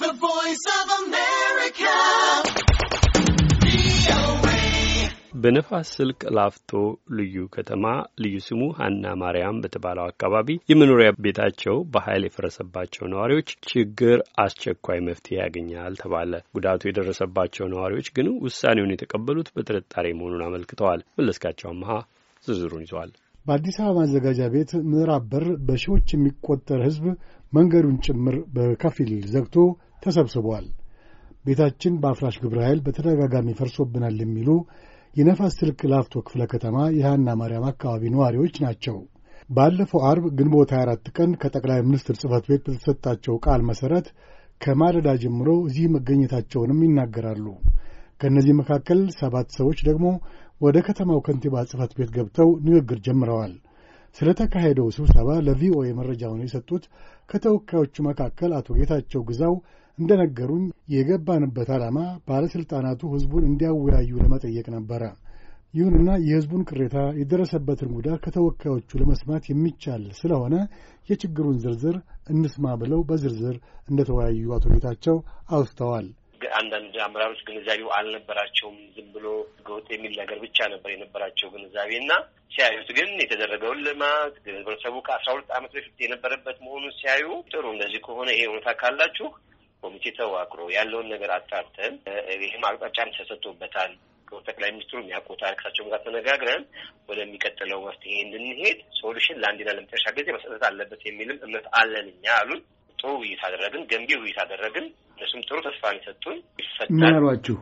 The Voice of America. በነፋስ ስልክ ላፍቶ ልዩ ከተማ ልዩ ስሙ ሀና ማርያም በተባለው አካባቢ የመኖሪያ ቤታቸው በኃይል የፈረሰባቸው ነዋሪዎች ችግር አስቸኳይ መፍትሄ ያገኛል ተባለ። ጉዳቱ የደረሰባቸው ነዋሪዎች ግን ውሳኔውን የተቀበሉት በጥርጣሬ መሆኑን አመልክተዋል። መለስካቸው አመሃ ዝርዝሩን ይዘዋል። በአዲስ አበባ ማዘጋጃ ቤት ምዕራብ በር በሺዎች የሚቆጠር ሕዝብ መንገዱን ጭምር በከፊል ዘግቶ ተሰብስበዋል። ቤታችን በአፍራሽ ግብረ ኃይል በተደጋጋሚ ፈርሶብናል የሚሉ የነፋስ ስልክ ላፍቶ ክፍለ ከተማ የሃና ማርያም አካባቢ ነዋሪዎች ናቸው። ባለፈው አርብ ግንቦት 24 ቀን ከጠቅላይ ሚኒስትር ጽህፈት ቤት በተሰጣቸው ቃል መሠረት ከማለዳ ጀምሮ እዚህ መገኘታቸውንም ይናገራሉ። ከእነዚህ መካከል ሰባት ሰዎች ደግሞ ወደ ከተማው ከንቲባ ጽህፈት ቤት ገብተው ንግግር ጀምረዋል። ስለተካሄደው ስብሰባ ለቪኦኤ መረጃውን የሰጡት ከተወካዮቹ መካከል አቶ ጌታቸው ግዛው እንደነገሩኝ የገባንበት ዓላማ ባለሥልጣናቱ ሕዝቡን እንዲያወያዩ ለመጠየቅ ነበረ። ይሁንና የሕዝቡን ቅሬታ፣ የደረሰበትን ጉዳት ከተወካዮቹ ለመስማት የሚቻል ስለሆነ የችግሩን ዝርዝር እንስማ ብለው በዝርዝር እንደተወያዩ አቶ ጌታቸው አውስተዋል። አንዳንድ አመራሮች ግንዛቤው አልነበራቸውም። ዝም ብሎ ህገወጥ የሚል ነገር ብቻ ነበር የነበራቸው ግንዛቤ እና ሲያዩት ግን የተደረገውን ልማት ህብረተሰቡ ከአስራ ሁለት ዓመት በፊት የነበረበት መሆኑን ሲያዩ ጥሩ እንደዚህ ከሆነ ይሄ እውነታ ካላችሁ ኮሚቴ ተዋቅሮ ያለውን ነገር አጣርተን ይህም አቅጣጫም ተሰጥቶበታል። ጠቅላይ ሚኒስትሩ ያውቁታል። ከሳቸውም ጋር ተነጋግረን ወደሚቀጥለው መፍትሄ እንድንሄድ ሶሉሽን ለአንዴና ለመጨረሻ ጊዜ መሰጠት አለበት የሚልም እምነት አለን እኛ አሉን። ጥሩ ውይይት አደረግን፣ ገንቢ ውይይት አደረግን። እሱም ጥሩ ተስፋ ነው የሰጡን። ይፈታልናሏችሁ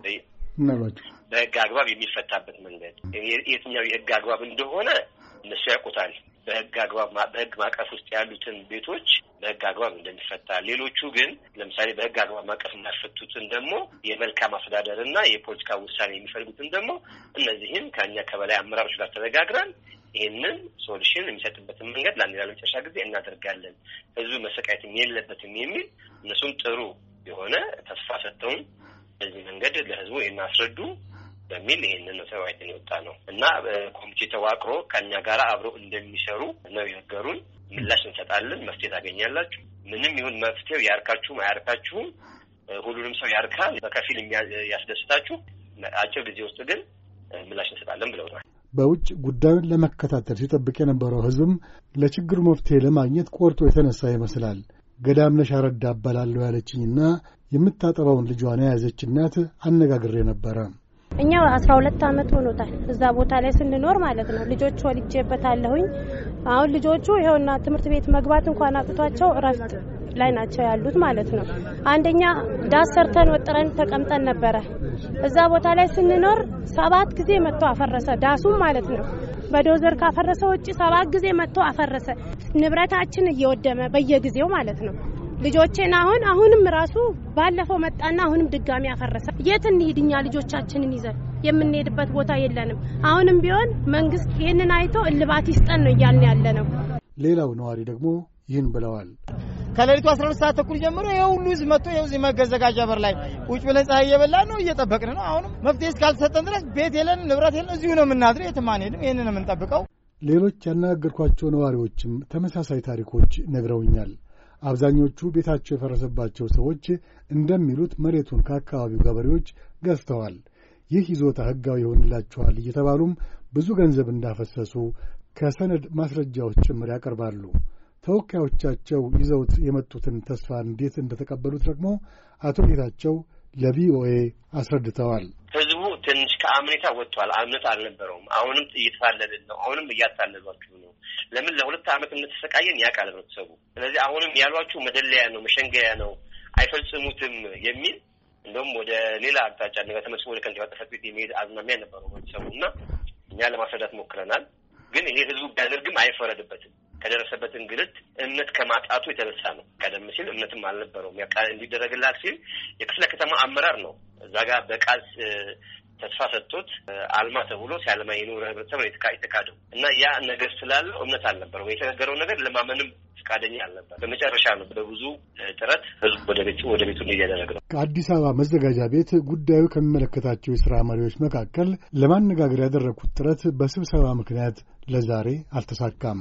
ምናሏችሁ በህግ አግባብ የሚፈታበት መንገድ የትኛው የህግ አግባብ እንደሆነ እነሱ ያውቁታል። በህግ አግባብ በህግ ማቀፍ ውስጥ ያሉትን ቤቶች በህግ አግባብ እንደሚፈታ፣ ሌሎቹ ግን ለምሳሌ በህግ አግባብ ማቀፍ የማይፈቱትን ደግሞ የመልካም አስተዳደር እና የፖለቲካ ውሳኔ የሚፈልጉትን ደግሞ እነዚህም ከእኛ ከበላይ አመራሮች ጋር ተነጋግረን ይህንን ሶሉሽን የሚሰጥበትን መንገድ ለአንዴ ላለመጨረሻ ጊዜ እናደርጋለን። ህዝቡ መሰቃየትም የለበትም የሚል እነሱም ጥሩ የሆነ ተስፋ ሰጥተውን በዚህ መንገድ ለህዝቡ የናስረዱ በሚል ይህንን ሰባይትን የወጣ ነው እና ኮሚቴ ተዋቅሮ ከኛ ጋር አብረው እንደሚሰሩ ነው የነገሩን። ምላሽ እንሰጣለን፣ መፍትሄ ታገኛላችሁ። ምንም ይሁን መፍትሄው ያርካችሁም አያርካችሁም፣ ሁሉንም ሰው ያርካል፣ በከፊል ያስደስታችሁ። አጭር ጊዜ ውስጥ ግን ምላሽ እንሰጣለን ብለውናል። በውጭ ጉዳዩን ለመከታተል ሲጠብቅ የነበረው ህዝብም ለችግሩ መፍትሄ ለማግኘት ቆርጦ የተነሳ ይመስላል። ገዳምነሽ አረዳ እባላለሁ ያለችኝና የምታጠባውን ልጇን የያዘች እናት አነጋግሬ ነበረ። እኛ አስራ ሁለት አመት ሆኖታል እዛ ቦታ ላይ ስንኖር ማለት ነው። ልጆች ወልጄበታለሁኝ። አሁን ልጆቹ ይኸውና ትምህርት ቤት መግባት እንኳን አጥቷቸው እረፍት ላይ ናቸው ያሉት ማለት ነው። አንደኛ ዳስ ሰርተን ወጥረን ተቀምጠን ነበረ። እዛ ቦታ ላይ ስንኖር ሰባት ጊዜ መጥቶ አፈረሰ ዳሱም ማለት ነው። በዶዘር ካፈረሰ ውጭ ሰባት ጊዜ መጥቶ አፈረሰ። ንብረታችን እየወደመ በየጊዜው ማለት ነው። ልጆቼን አሁን አሁንም ራሱ ባለፈው መጣና አሁንም ድጋሚ አፈረሰ። የት እንሂድ እኛ ልጆቻችንን ይዘን የምንሄድበት ቦታ የለንም። አሁንም ቢሆን መንግስት ይህንን አይቶ እልባት ይስጠን ነው እያልን ያለ ነው። ሌላው ነዋሪ ደግሞ ይህን ብለዋል። ከሌሊቱ 12 ሰዓት ተኩል ጀምሮ ይኸው ሁሉ ህዝብ መጥቶ ይኸው እዚህ መገዘጋጃ በር ላይ ውጭ ብለን ፀሐይ እየበላን ነው፣ እየጠበቅን ነው። አሁንም መፍትሄ እስካልተሰጠን ድረስ ቤት የለን፣ ንብረት የለን፣ እዚሁ ነው የምናድረው፣ የትም አንሄድም። ይህንን ነው የምንጠብቀው። ሌሎች ያናገርኳቸው ነዋሪዎችም ተመሳሳይ ታሪኮች ነግረውኛል። አብዛኞቹ ቤታቸው የፈረሰባቸው ሰዎች እንደሚሉት መሬቱን ከአካባቢው ገበሬዎች ገዝተዋል። ይህ ይዞታ ህጋዊ ይሆንላችኋል እየተባሉም ብዙ ገንዘብ እንዳፈሰሱ ከሰነድ ማስረጃዎች ጭምር ያቀርባሉ። ተወካዮቻቸው ይዘውት የመጡትን ተስፋ እንዴት እንደተቀበሉት ደግሞ አቶ ጌታቸው ለቪኦኤ አስረድተዋል። ህዝቡ ትንሽ ከአምኔታ ወጥቷል። እምነት አልነበረውም። አሁንም እየተታለልን ነው። አሁንም እያታለሏችሁ ነው። ለምን ለሁለት ዓመት እንደተሰቃየን ያውቃል ህብረተሰቡ። ስለዚህ አሁንም ያሏችሁ መደለያ ነው፣ መሸንገያ ነው፣ አይፈጽሙትም የሚል እንደውም ወደ ሌላ አቅጣጫ ነገር ተመስቦ ወደ ከንቲባ ጽሕፈት ቤት የሚሄድ አዝማሚያ ነበረው ህብረተሰቡ እና እኛ ለማስረዳት ሞክረናል። ግን ይሄ ህዝቡ ቢያደርግም አይፈረድበትም ከደረሰበት እንግልት እምነት ከማጣቱ የተነሳ ነው። ቀደም ሲል እምነትም አልነበረውም። ቃል እንዲደረግላት ሲል የክፍለ ከተማ አመራር ነው እዛ ጋር በቃል ተስፋ ሰጥቶት አልማ ተብሎ ሲያለማ የኖረ ህብረተሰብ ነው የተካደው እና ያ ነገር ስላለው እምነት አልነበረው። የተነገረው ነገር ለማመንም ፈቃደኛ አልነበር። በመጨረሻ ነው በብዙ ጥረት ህዝቡ ወደ ቤቱ ወደ ቤቱ እያደረግ ነው። ከአዲስ አበባ መዘጋጃ ቤት ጉዳዩ ከሚመለከታቸው የስራ መሪዎች መካከል ለማነጋገር ያደረግኩት ጥረት በስብሰባ ምክንያት ለዛሬ አልተሳካም።